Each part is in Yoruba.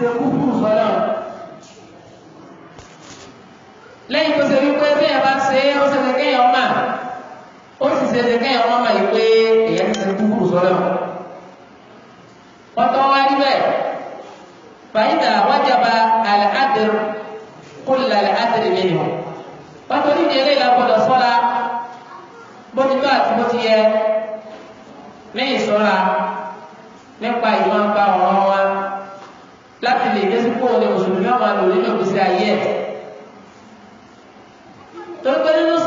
ṣe kúkúrú sọ́lá lẹ́yìn tó ṣe wípé bí ẹ bá ṣe ó ṣe ṣe kéèyàn mà ó sì ṣe ṣe kéèyàn wọ́n mà yìí pé èyàn ti ṣe kúkúrú sọ́lá wọ́n tọ́ wá níbẹ̀ fàyídà wájàba àlàádìr kúlà àlàádìr mìíràn wọ́n tó ní ìdílé ìlàgbọ́dọ̀ sọ́ra bó tó àti bó yẹ ní ìṣọ́ra nípa ìwọ̀n bá wọn kó ní mùsùlùmí ọmọ àlò nínú ìgbésí ayé ẹ̀. torí pé nínú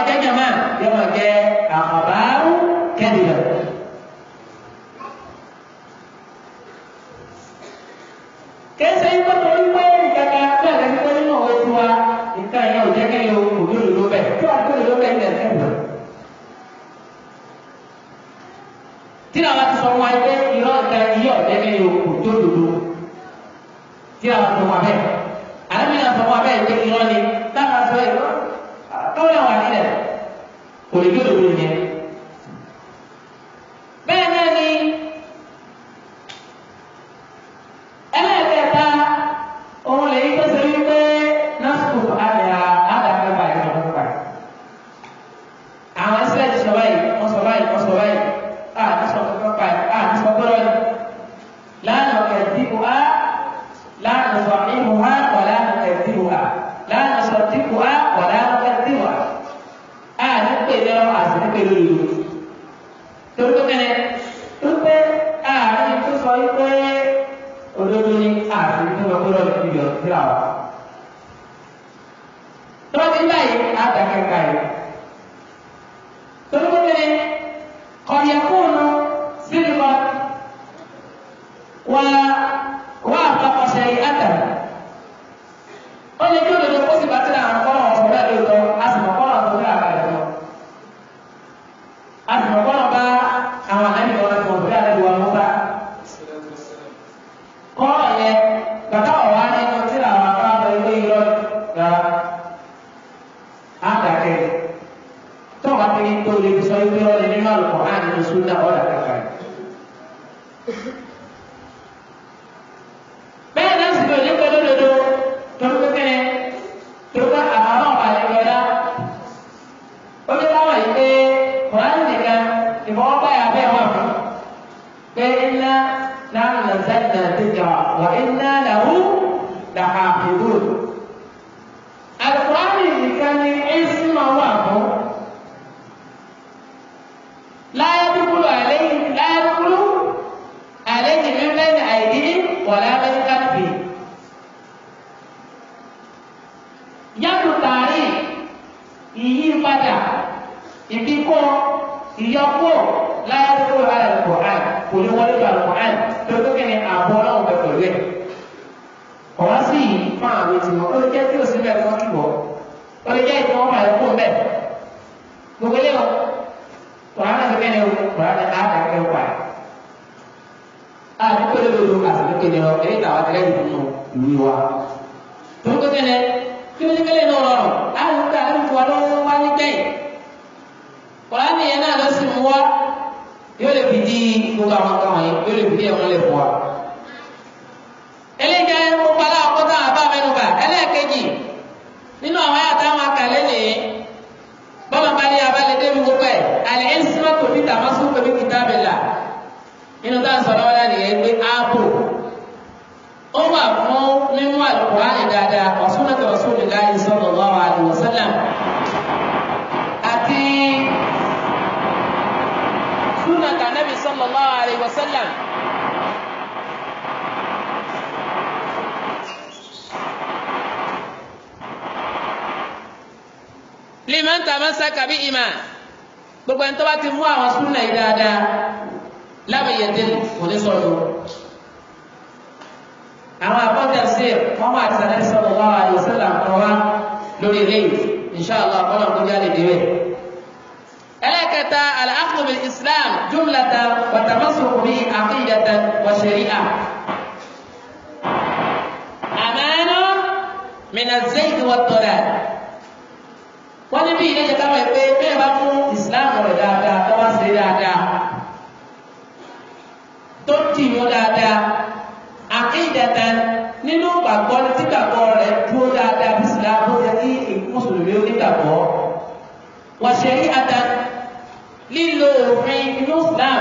máa jẹ́ jàmá yóò máa jẹ́ àkàbárù kẹ́dìbà. kẹsẹ̀ yìí pẹ̀lú wípé ìkàkà náà lè ní pẹ́lú náà wọ́n wa nǹkan yẹn ò jẹ́ kẹ́yìn òbí òdòdó bẹ́ẹ̀ tó àdúgbò òdòdó bẹ́ẹ̀ ní ẹ̀sẹ̀ wọ̀. tí làwọn ti sọ wọn pé irọ́ nǹkan yìí ọ̀jẹ́ kẹ́yìn òdòdó tí làwọn ti sọ wọn bẹ́ẹ̀. kò ní wọlé lọ àlùkò àì tó tó kẹ́ni àbọ̀ ọlọ́run bẹ pẹ̀lú ẹ̀. ọ̀wá sí yìí fún àwọn ètò wọn ó lè jẹ́ tí ò sí bẹ́ẹ̀ fún kíbọ̀ ó lè jẹ́ ìtọ́ wọn máa kó bẹ́ẹ̀. gbogbo ilé wọn wàhálà tó kẹ́ni o wàhálà tá a dà kẹ́ wà. àdúgbò lè lòlò àsìkò kẹ́ni lọ eré tàwa tẹ́lẹ̀ nínú ìwé wa. tó tó kẹ́ni kí আমরা man tamassaka bi ìmà gbogbo ẹni tó bá ti mú àwọn súnà yìí dáadáa lábẹ̀yẹ̀dẹ́ kò ní sọ̀rọ̀ àwọn àpọ́tẹ̀ sí wọ́n máa tẹ̀lé sọ̀rọ̀ wá àyọ̀sẹ̀ làǹkọ̀ wá lórí ilé inṣàlá ọ̀pọ̀lọ̀ tó jáde dé rẹ̀. ẹlẹ́kẹta al-akhdhu bil islam jumlata wa tamassuku bi aqidatan wa shari'a wọ́n ní bí ilé jẹ káwọn ẹgbẹ́ bẹ́ẹ̀ bá mú islam rẹ̀ dáadáa tó bá ṣe dáadáa tó dì mú dáadáa àkéjẹta nínú gbàgbọ́ ní tí gbàgbọ́ rẹ̀ dúró dáadáa bí islam ó yẹ kí mùsùlùmí ó ní gbàgbọ́ wọ́n ṣe rí ata lílo òfin inú islam.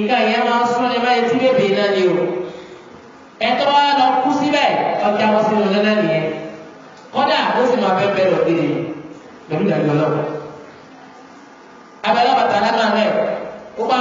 nǹkan yẹn máa ń sún ní báyìí tí bèbè náà ni o ẹtọ́ wa lọ kú síbẹ̀ ọjà wọn sínú náà nìyẹn kọ́dà ó sì máa bẹ́ẹ̀ bẹ́ẹ̀ lọ kéde pẹ̀lú ìdájọ́ náà abẹ́lẹ́ bàtà lágbàá náà ó bá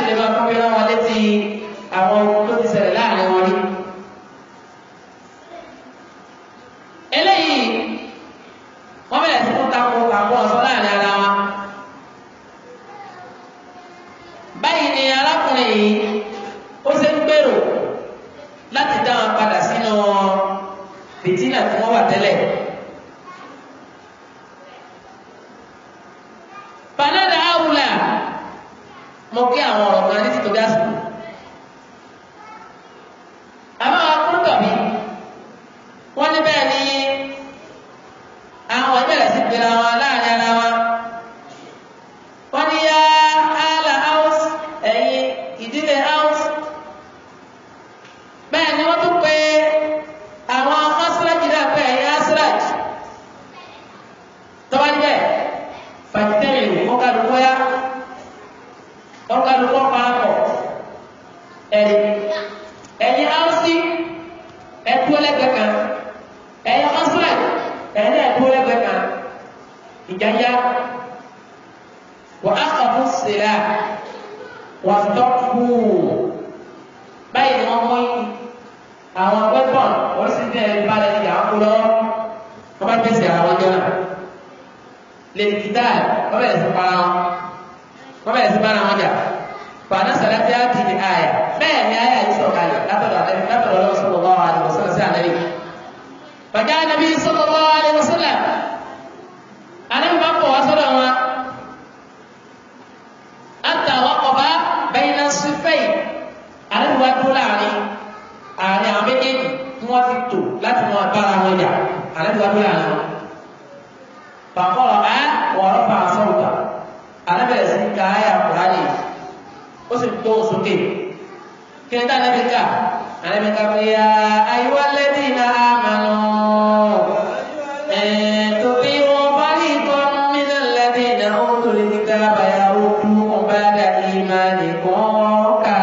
láti lè máa fún mi rán létí àwọn tó ti ṣẹlẹ̀ láàrin wọn. có ca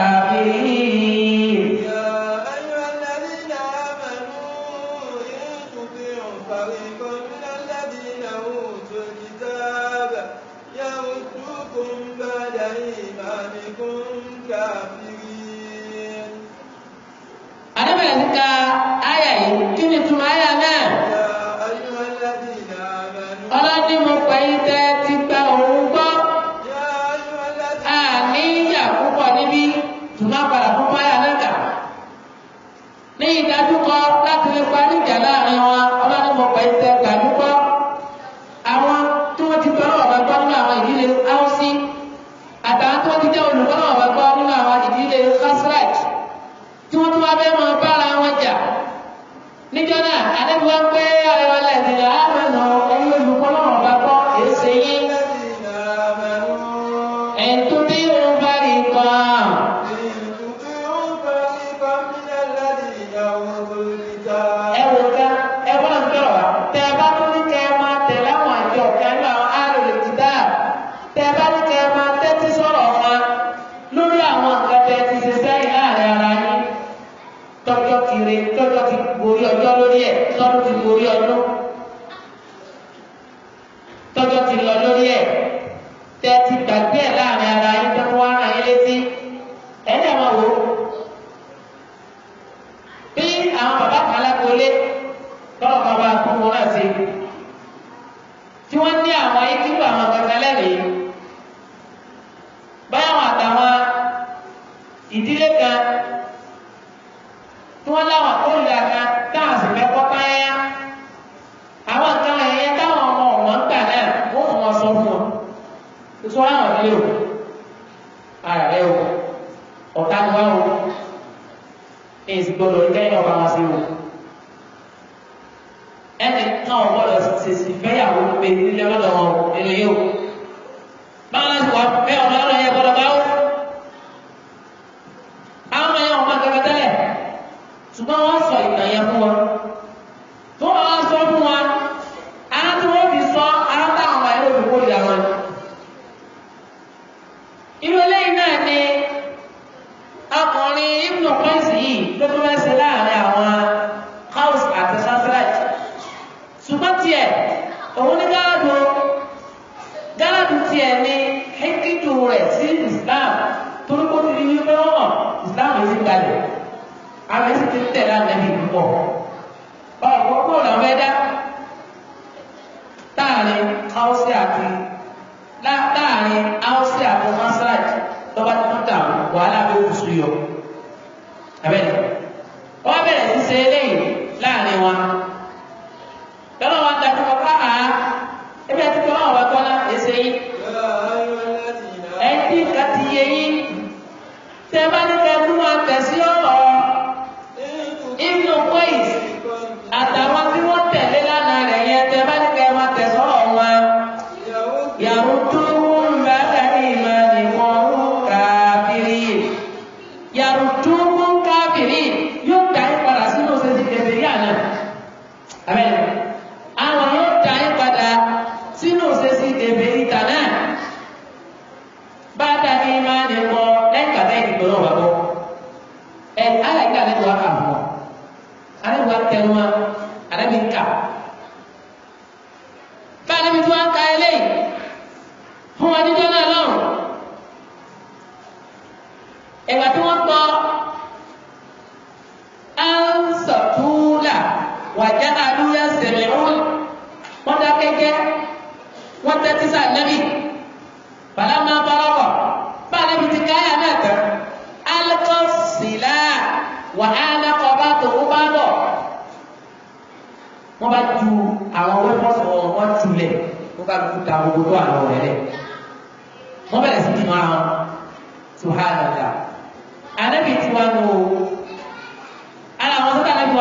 ṣùgbọ́n wọ́n sọ ìtàn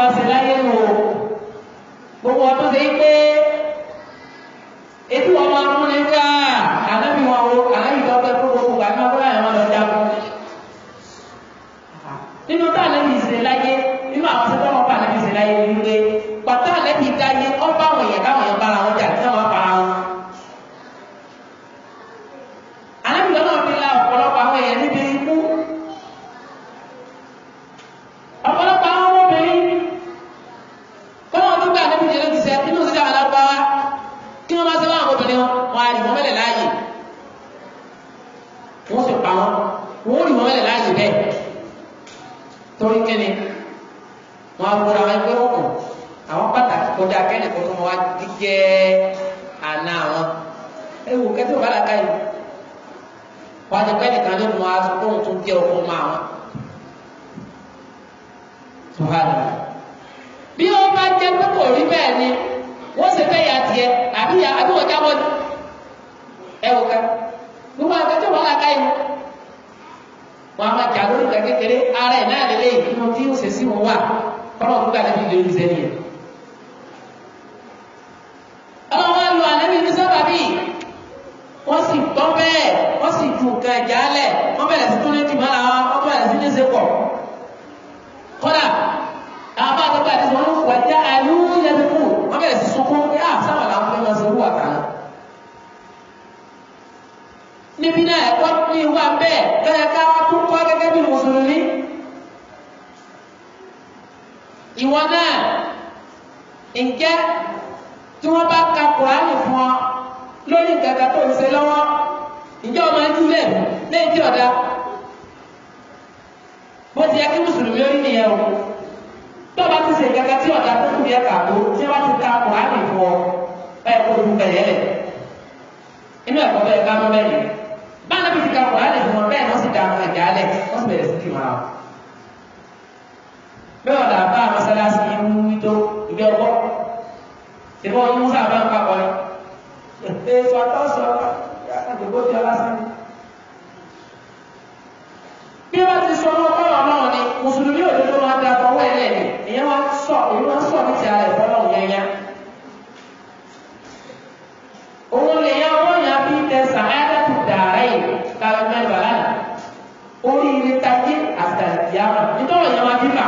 ń ṣe láyé nù o gbogbo ọdún ṣe pé etí wọn máa ń ká. ìbọn ọdún musa bá ń papọ̀ ni èso àtọ́sọ àgbègbè fi ọlásán ni. bí wọ́n ti ni mùsùlùmí òdodo máa da ọwọ́ ẹ̀ lẹ́nu ìyẹn wá sọ èyí wá sọ ní ti ara ẹ̀fọ́ náà yányá. òun lè yan owó yan bí tẹsán ayáláàtú dàrá yìí káwé mẹ́rin bàlá yìí orí ilé tají àtàlìyàwó nítorí ìyẹn wá bí fà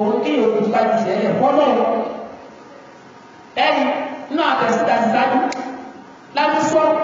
òun kéèyàn kú ká ti sẹ́yìn ẹ̀fọ́ láti sọ́ọ̀tù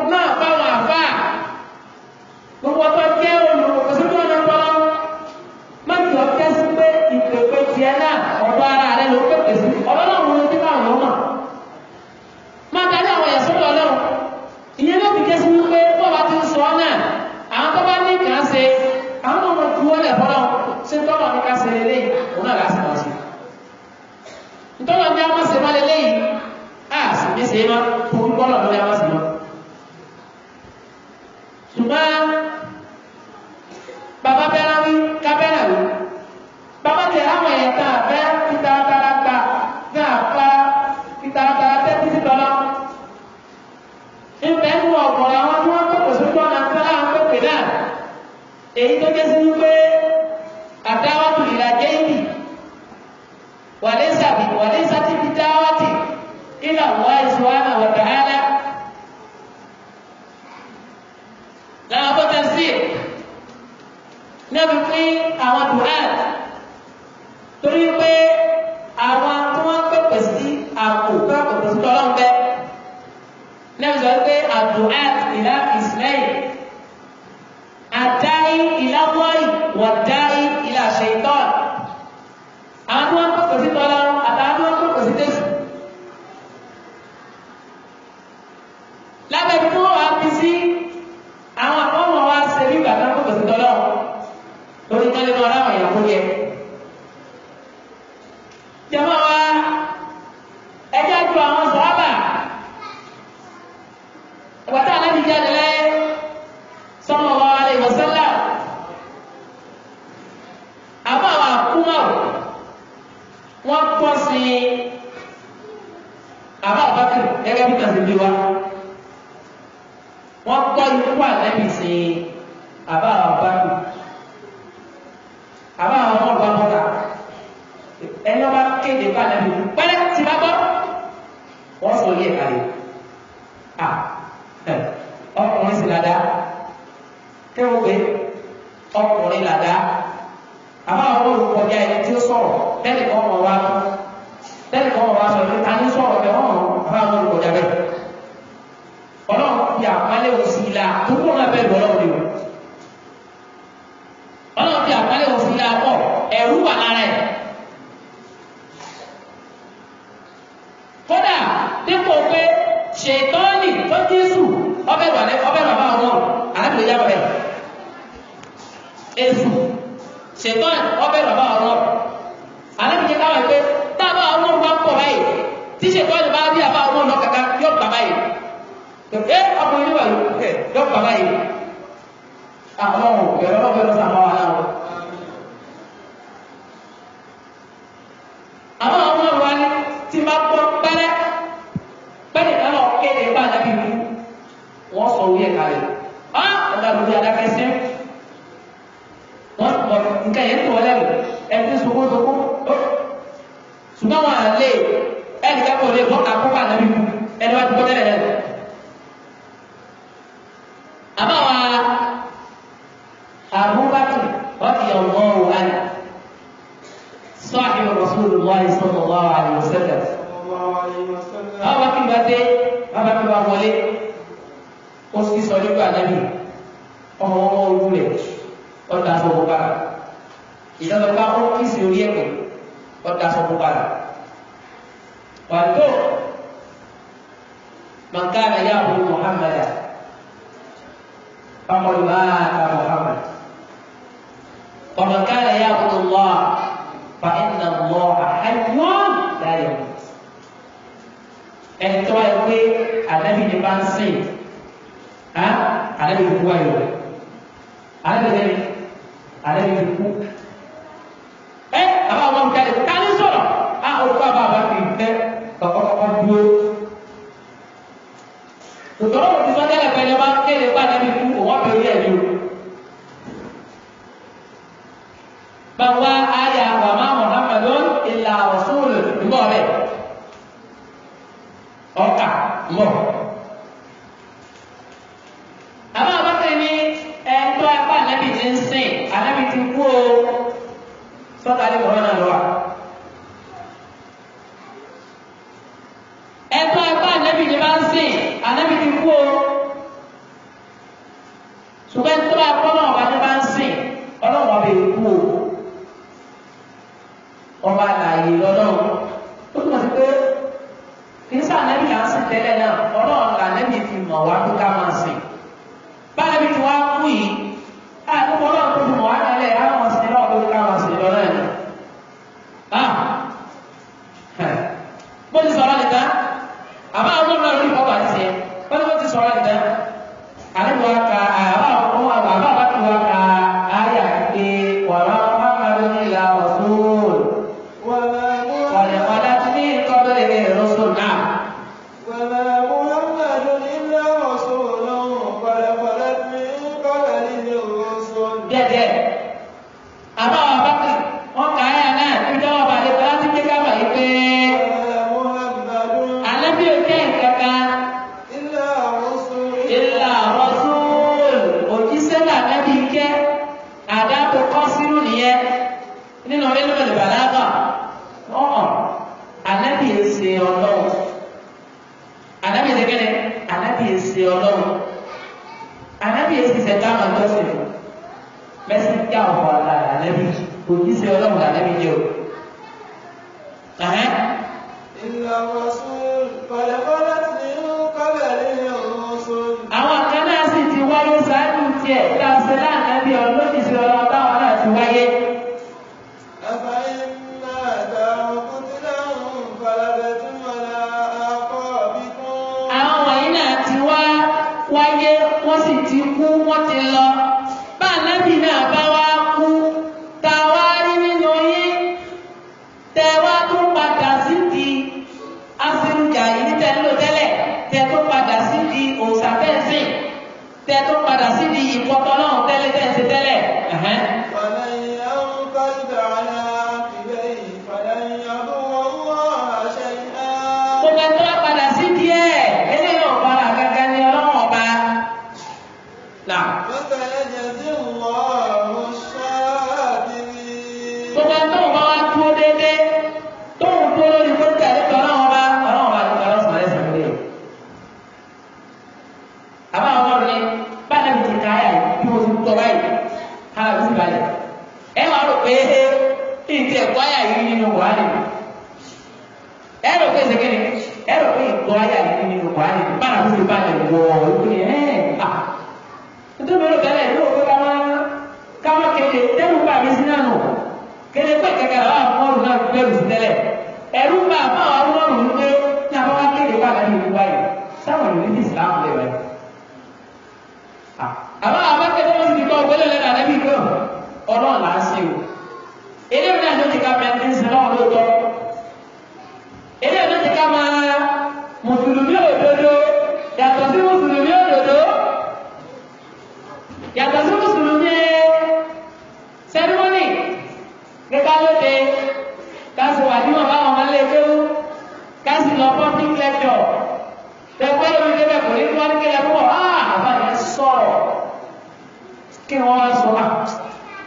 ànábì wa wọ́n kọ́ ikú ànábì sí i. محمدا فقد مات محمد ومن كان يعبد الله فإن الله حي لا يموت ẹtọ ẹgbẹ anabi ni bá ń sè ha anabi kú ayọ anabi anabi eight percent táwọn ọjọ́ sì fún mẹ́sì kí àwọn ọ̀pọ̀ àlàyé ànẹ́bí kò kí ṣe ọlọ́run ànẹ́bí jẹ́ o.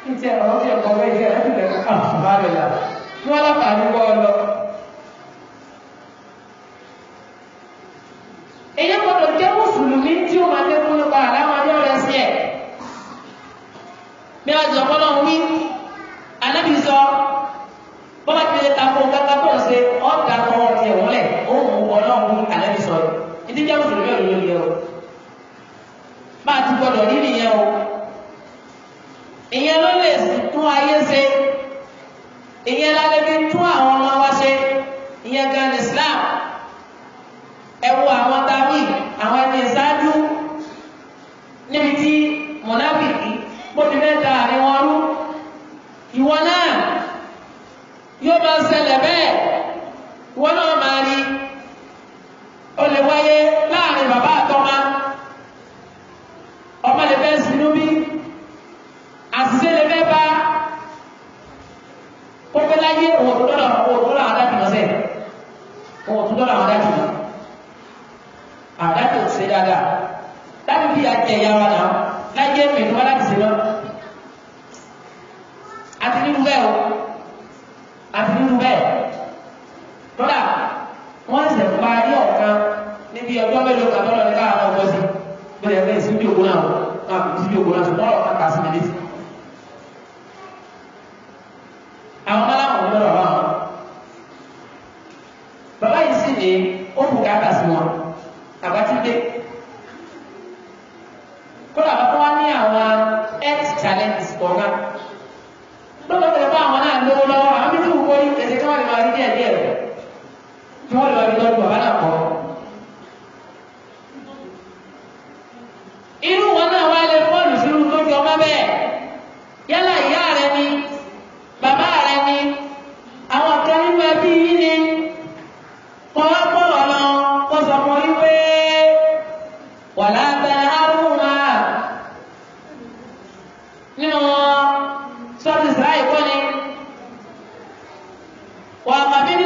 ń tẹ ọ̀rọ̀ ń tẹ ọ̀rọ̀ ń tẹ ọ̀rọ̀ ń tẹ ọ̀rọ̀ ń ọ̀rọ̀ ń ọ̀rọ̀ ń ọ̀rọ̀ ń ọ̀rọ̀ ń ọ̀rọ̀ ń ọ̀rọ̀ ń ọ̀rọ̀ ń ọ̀rọ̀ ń ọ̀rọ̀ ń ọ̀rọ̀ ń ọ̀rọ̀ ń ọ̀rọ̀ ń ọ̀rọ̀ ń ọ̀rọ̀ ń ọ̀rọ̀ ń ọ̀rọ̀ ń tẹ وما من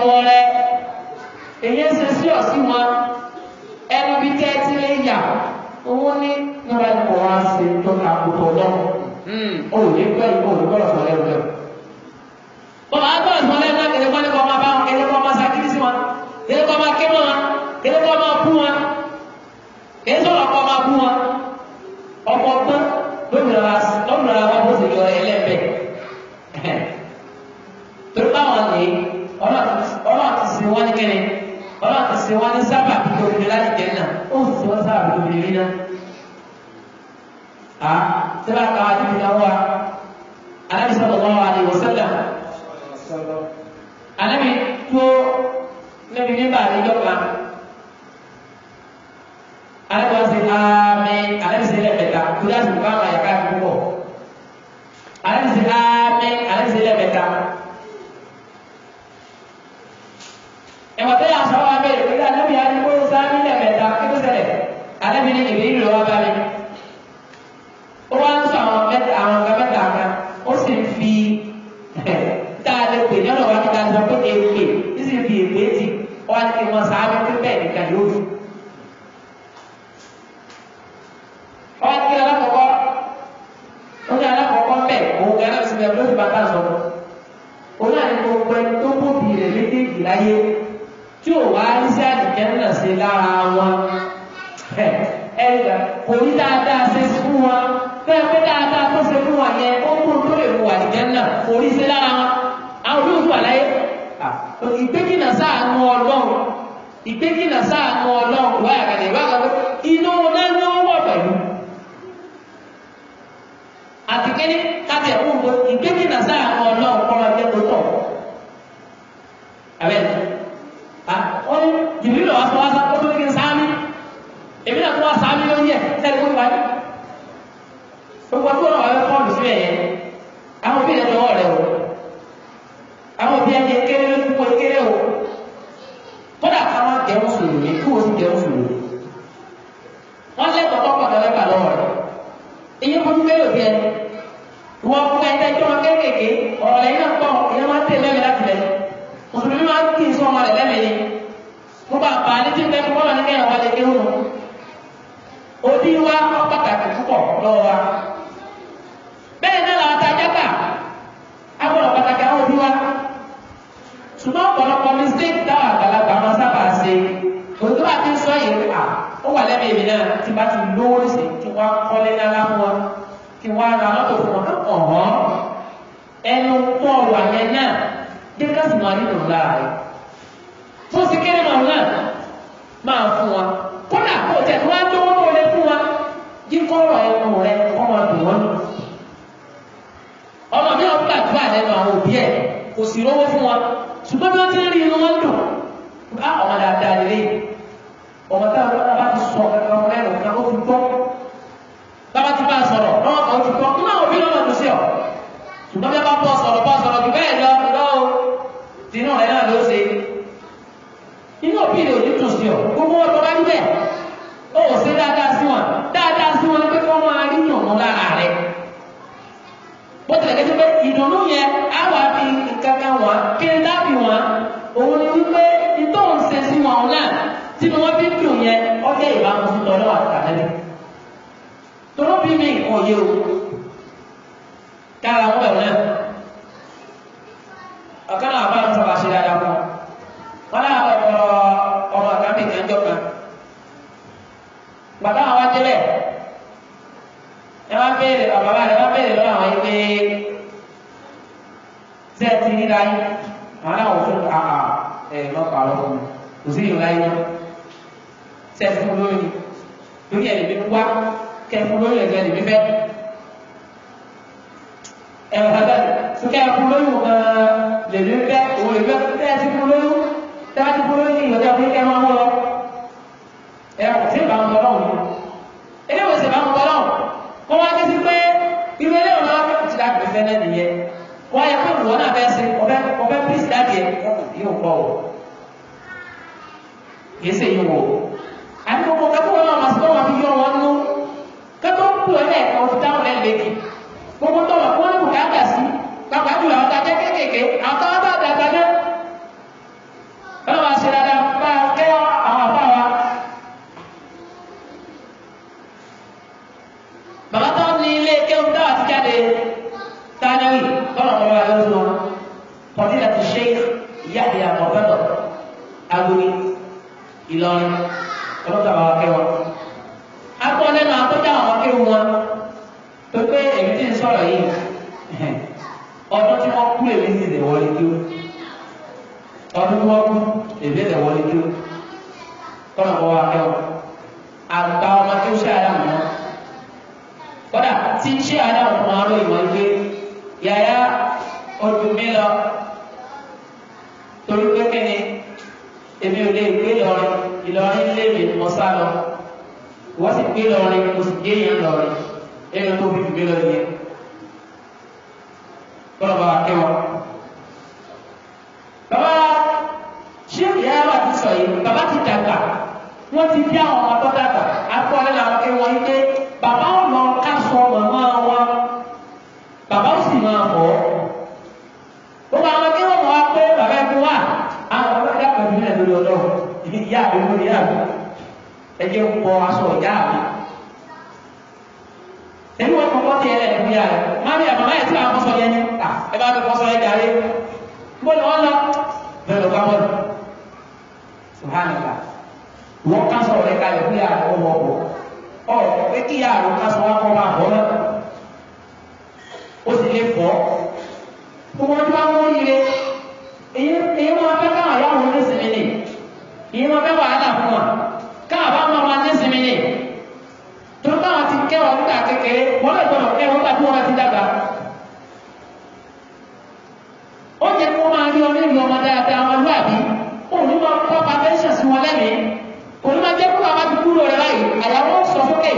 dọwọ́ rẹ èyí ń ṣe sí ọ̀sìn wọn ẹnu bí tẹ́tí lè yà owó ní nígbà tí wọ́n á ṣe tó ta kótó lọ́wọ́ hmm. ò ní pẹ́ ìkó gbọ́dọ̀ sọ lẹ́nu lẹ́nu. bọ́lá jẹ́ mùsùlùmí kí wọ́n sì jẹ́ mùsùlùmí. wọ́n lé kọ́kọ́ pọ̀ lọ́lẹ́kà lọ́wọ́ rẹ̀ iye mo ń gbé òbí ẹ wọ́n fún ẹ tẹ́jú wọn kéékèèké ọ̀rọ̀ lẹ́yìn náà pọ̀ ìyẹn máa ń tẹ̀ lẹ́mìí láti lẹ̀ mùsùlùmí máa ń kí n sọmọ rẹ̀ lẹ́mìí mo bá bá a létí pé mo wà ní kẹ́yìn wọlé kí wọn. òbí wa ọ pàtàkì púpọ̀ lọ́wọ́ wa bẹ́ẹ̀ náà làwọn ta jákà àwọn ọ̀pàtàkì àwọn òbí wa ṣùgbọ́n ọ̀pọ̀lọpọ̀ mistake wà lẹ́mìí mi náà tí bá ti lówó sí kí wọ́n kọ́lé lálá fún wọn kí wọ́n ra mọ́tò fún wọn ọ̀hán ẹnu tó wà yẹn náà dẹ́ka sì máa nínú láàrin tó sì kéré màá náà máa fún wọn kódà kó tẹ̀ wọ́n á lówó tó lé fún wọn yí kọ́rọ̀ ẹnu rẹ ọmọ dùn wọn nù ọmọ mi ò gbàdúrà lẹ́nu àwọn òbí ẹ̀ kò sì rówó fún wọn ṣùgbọ́n bí wọ́n ti rí inú wọn dùn ah, ọmọ dáadáa ṣùgbọ́n bí a bá pọ̀ sọ̀rọ̀ pọ̀ sọ̀rọ̀ jù bẹ́ẹ̀ lọ lọ́ o tinú rẹ̀ náà ló ṣe inú òbí rẹ̀ ò ní tùn sí ọ gbogbo ọ̀tọ̀ bá níbẹ̀ ó ò ṣe dáadáa sí wọn dáadáa sí wọn pé kí wọ́n máa rí ìyànnú lára rẹ̀ bó tilẹ̀ kẹ́sí pé ìdùnnú yẹn á wà bí kankan wọn kí n dábì wọn òun ni wípé ìtòhùn ṣe sí wọn náà tínú wọn bí dùn yẹn ọjọ́ ìbámu sí tọ́lọ́ àtàlẹ́ tọ́lọ́ bí mi ò yẹ o fún lóyún ẹ̀gẹ́ lè fífẹ́ ẹ̀wọ̀n kàtà fúnkẹ́ fún lóyún gan lè fífẹ́ òun ìfẹ́ fúnkẹ́ ti fún lóyún tẹ́lá ti fún lóyún ìyọ̀tẹ́ fún kẹ́ máa ń wọ́ ẹ̀wọ̀n sí ìbámu tọ́lọ́hùn ni eléwọ̀ sí ìbámu tọ́lọ́hùn kó wá dé sí pé irú eléwọ̀n náà wọ́n ti láti fẹ́ náà nìyẹn wọ́n yẹ kó wọ́n náà fẹ́ sí ọbẹ̀ ọbẹ̀ pírísì láti yẹ kí ó pọ̀ kì í ṣe yìí wọn dáadáa wọn lọ àbí òun máa ń kọ́ pàfẹ́ṣẹ̀ sí wọn lẹ́mìí òun máa jẹ́ kó àwọn àbíkú rẹ̀ báyìí àyàwó sọ fókè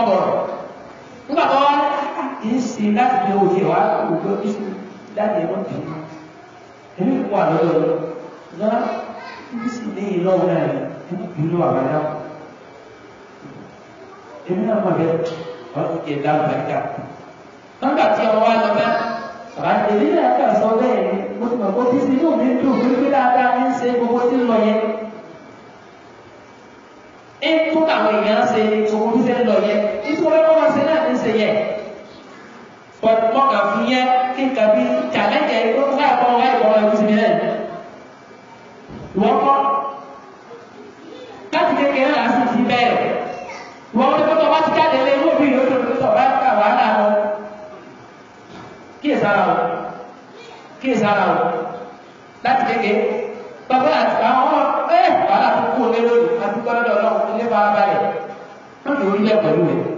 wọn bọ̀rọ̀ nígbà tó wá ń ah, ṣe láti gbé òye wá òjò bísí láti ẹ̀rọ tì í èmi kò wà lọ́dọ̀ lọ́dọ̀ bísí ní ìlọ́wọ́ náà ẹni ìlú àbájá èmi náà mọ̀ bẹ́ẹ̀ wọ́n ti jẹ dáhùn bàjá nígbà tí ọwọ́ wa lọ bá bàbá èmi náà kà sọ bẹ́ẹ̀ ni mo ti mọ̀ pé bísí yóò ní dùn pé dáadáa ń ṣe gbogbo tí ń lọ yẹn àwọn èèyàn ṣe òun ṣe ń lọ yẹ nítorí wọn máa ṣe náà ní ṣe yẹ pọtù mọkà fún yẹ kí n kàbí kàlẹkẹ ìlú láìpọ láìpọ ẹbí ti nílẹ̀ wọn kọ láti kékeré náà sì ti bẹ̀rẹ̀ wọn wọn tó bá ti jáde lé wọn bí yóò tó tó bá kà wá náà lọ kí èsì ara wọn kí èsì ara wọn láti kékeré bàbá àti àwọn ọmọ ẹ wàhálà tó kú onílò àti gbọ́dọ̀ náà fara balẹ̀ lónìí ó ń pẹ̀lú rẹ̀.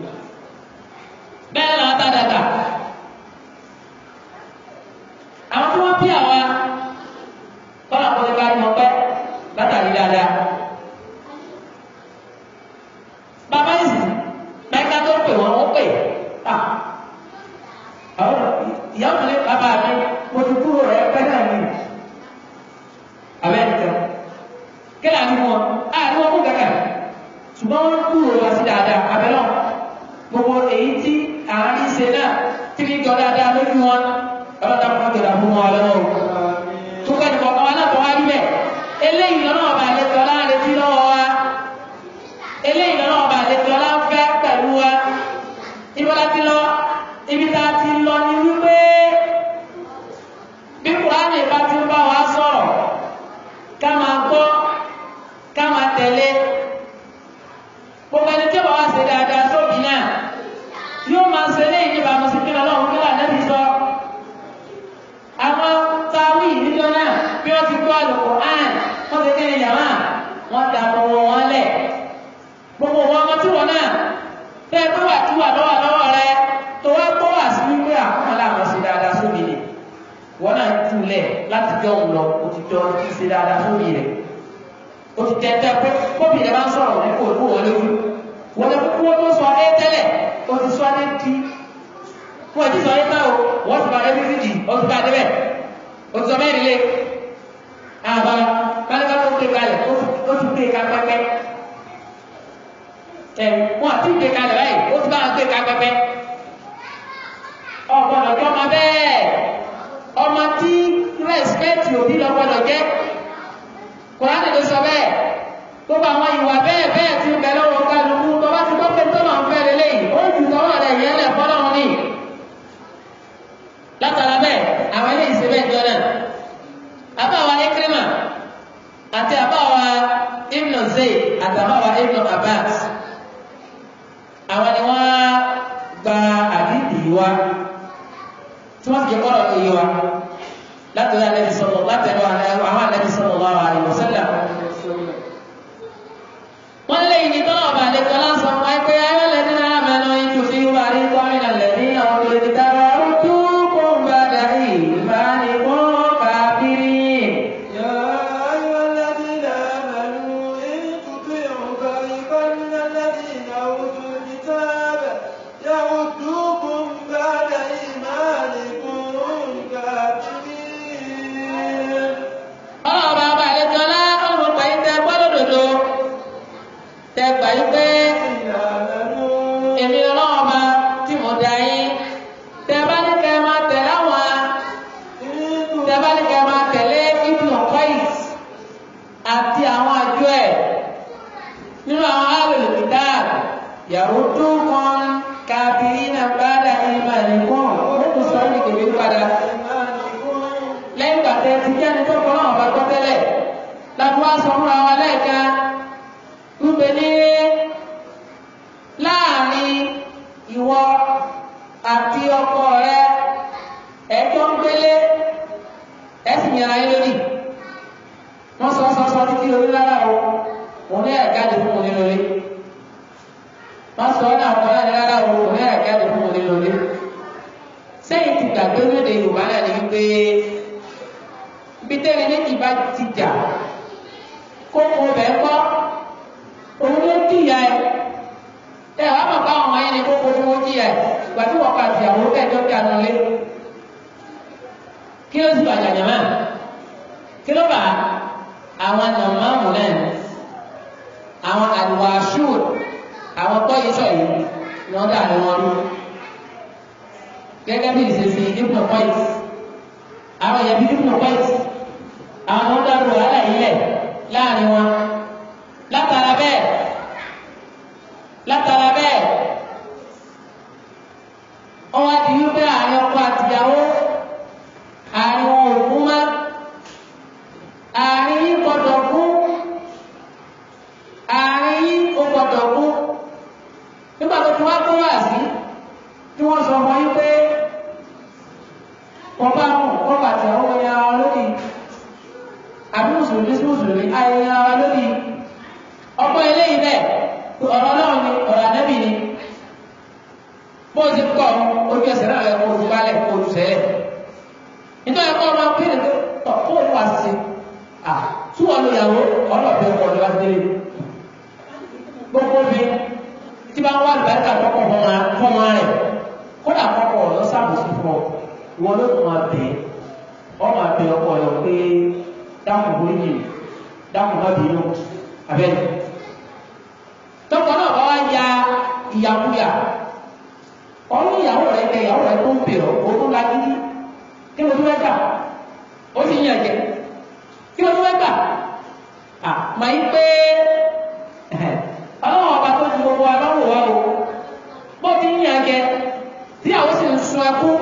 jọ ṣe dáadáa sórí rẹ̀ o ti tẹ́tẹ́ pé kóbi rẹ̀ bá ń sọ̀rọ̀ ní kò tó wọn lójú wọn lè kúkú wọn tó sọ ẹ tẹ́lẹ̀ o ti sọ ẹ di o ti sọ ẹ bá o wọn ti sọ ẹ bí o ti bá a o ti sọ mẹ́rin lé àbá kálíkà tó ké kalẹ̀ o ti ké ká pẹ́pẹ́ ẹ wọn àti ké kalẹ̀ báyìí o ti bá a ké ká pẹ́pẹ́ ọ̀pọ̀lọpọ̀ máa bẹ́ẹ̀ tí òbí lọ gbọdọ̀ jẹ́ kòránì ló sọ bẹ́ẹ̀ gbogbo àwọn ìwà bẹ́ẹ̀ bẹ́ẹ̀ ti bẹ̀ lọ́wọ́ kálukú tó bá ti gbọ́ pé tó máa ń fẹ́ lélẹ́yìn ó ju tọwọ́ rẹ̀ yẹn lẹ̀ fọ́lọ́run ní látara bẹ́ẹ̀ àwọn ilé ìṣe bẹ́ẹ̀ jọ́nà àbáwa Ikrima àti àbáwa Ibn Zayd àtàbáwa Ibn Abbas ìwọ àti ọkọ rẹ ẹjọ́ ń gbélé ẹsìn yàrá yín lórí wọ́n sọ sọ sọ títí lórí lára o òun náà jáde fún òun lórí wọ́n sọ ọ́ náà wọ́n náà lára o òun náà jáde fún òun lórí sẹ́yìn ti gbàgbé lóde Yorùbá náà ni wípé ibi tẹ́lẹ̀ méjì bá ti jà kókó bẹ́ẹ̀ kọ́. jama kí ló bá àwọn nàmáàmù náà àwọn àdìwàṣùr àwọn pọ́yìísọ̀ yìí ni wọ́n dà wọn rú gẹ́gẹ́ bí ìṣesí ibùdó pọ́yìís àwọn ìyẹ̀bí ibùdó pọ́yìís àwọn ọ̀dọ́ àdúrà wàhálà yìí lẹ̀ láàrin wọn. com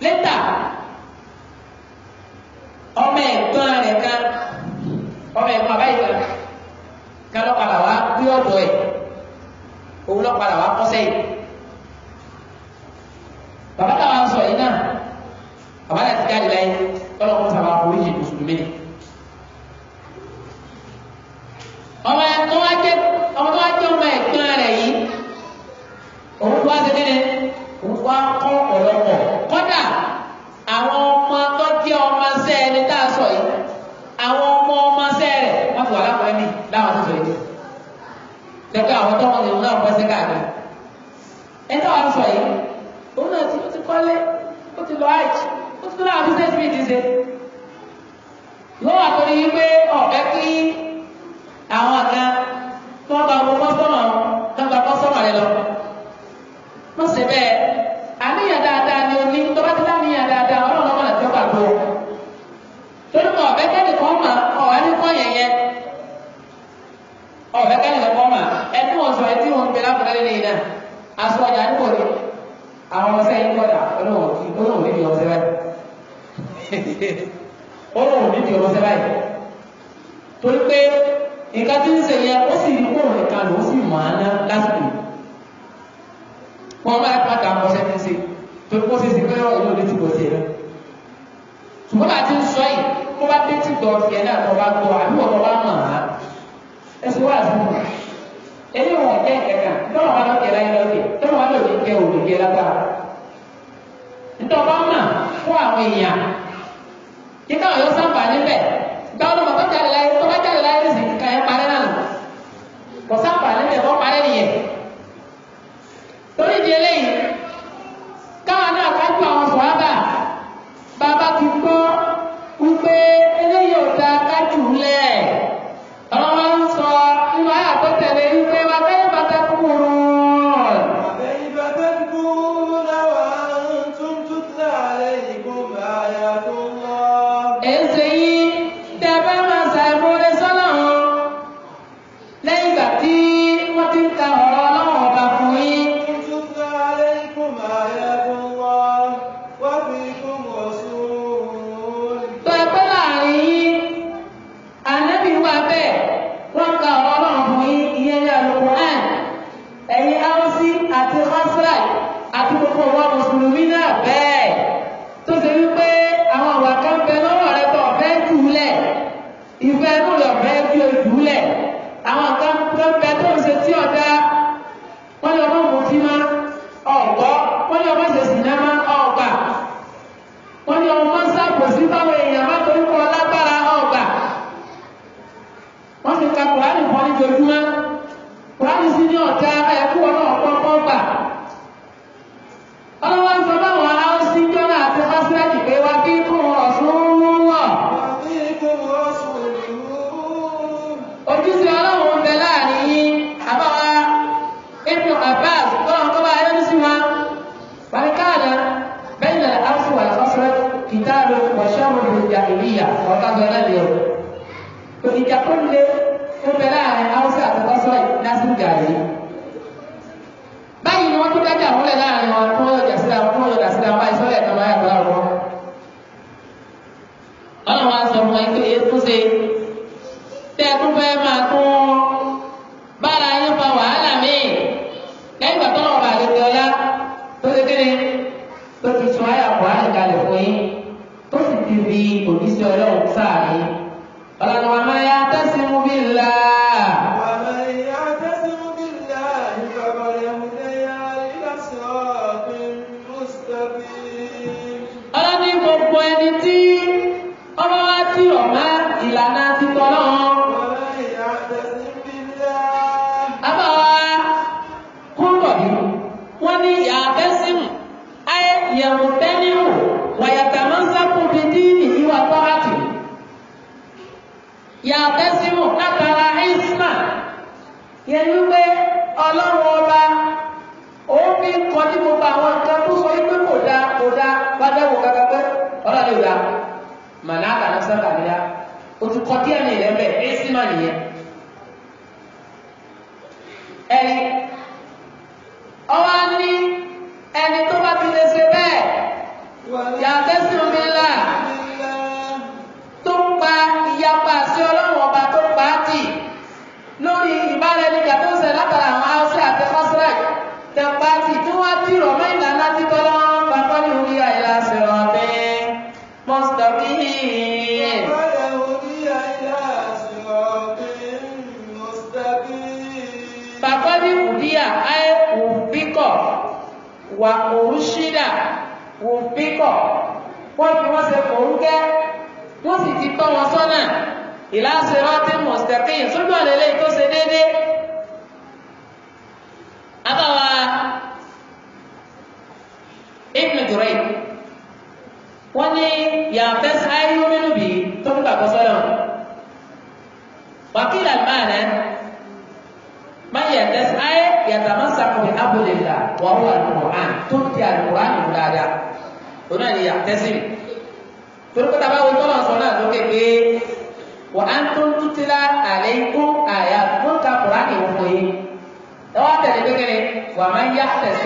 Letra àtẹ́símù látara ìsìnà yẹn wípé ọlọ́run ọba ó fi kọ ní gbogbo àwọn nǹkan tó sọ wípé kò dáa kò dáa bá dáwò kankan pé ọlọ́run ìgbà màláàkà lọ́sàkà níyà ó ti kọ díẹ̀ ní ìrẹ́bẹ̀ ìsìnà nìyẹn wọ́n fi wọ́n ṣe fòúkẹ́ wọ́n sì ti tọ́ wọn sọ́nà ìlàsẹ̀rọ̀ tí mọ̀ọ́sítẹ́kìn sójú ọ̀nà eléyìí tó ṣe déédéé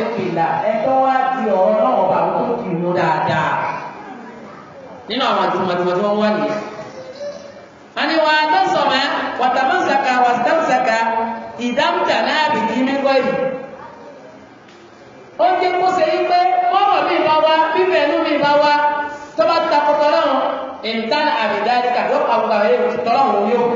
sókè là ẹ̀tọ́ wá ti ọ̀rọ̀ náà ọba àwọn tó kì í mú dáadáa nínú àwọn àjùmọ̀jùmọ̀ tí wọ́n wá nìyí. a ní wa tọ́sọ̀mọ́ wàtàmọ́sàkà wàtàmọ́sàkà ìdámùtà náà bì kí mi gbọ́ yìí. ó jẹ́ kó ṣe yí pé mọ́rọ̀ mi bá wá bíbẹ̀ inú mi bá wá tó bá takọ̀tọ̀ náà ìntàn àbìdáríkà yóò pàwọ́ àwọn èrò tọ́lọ́run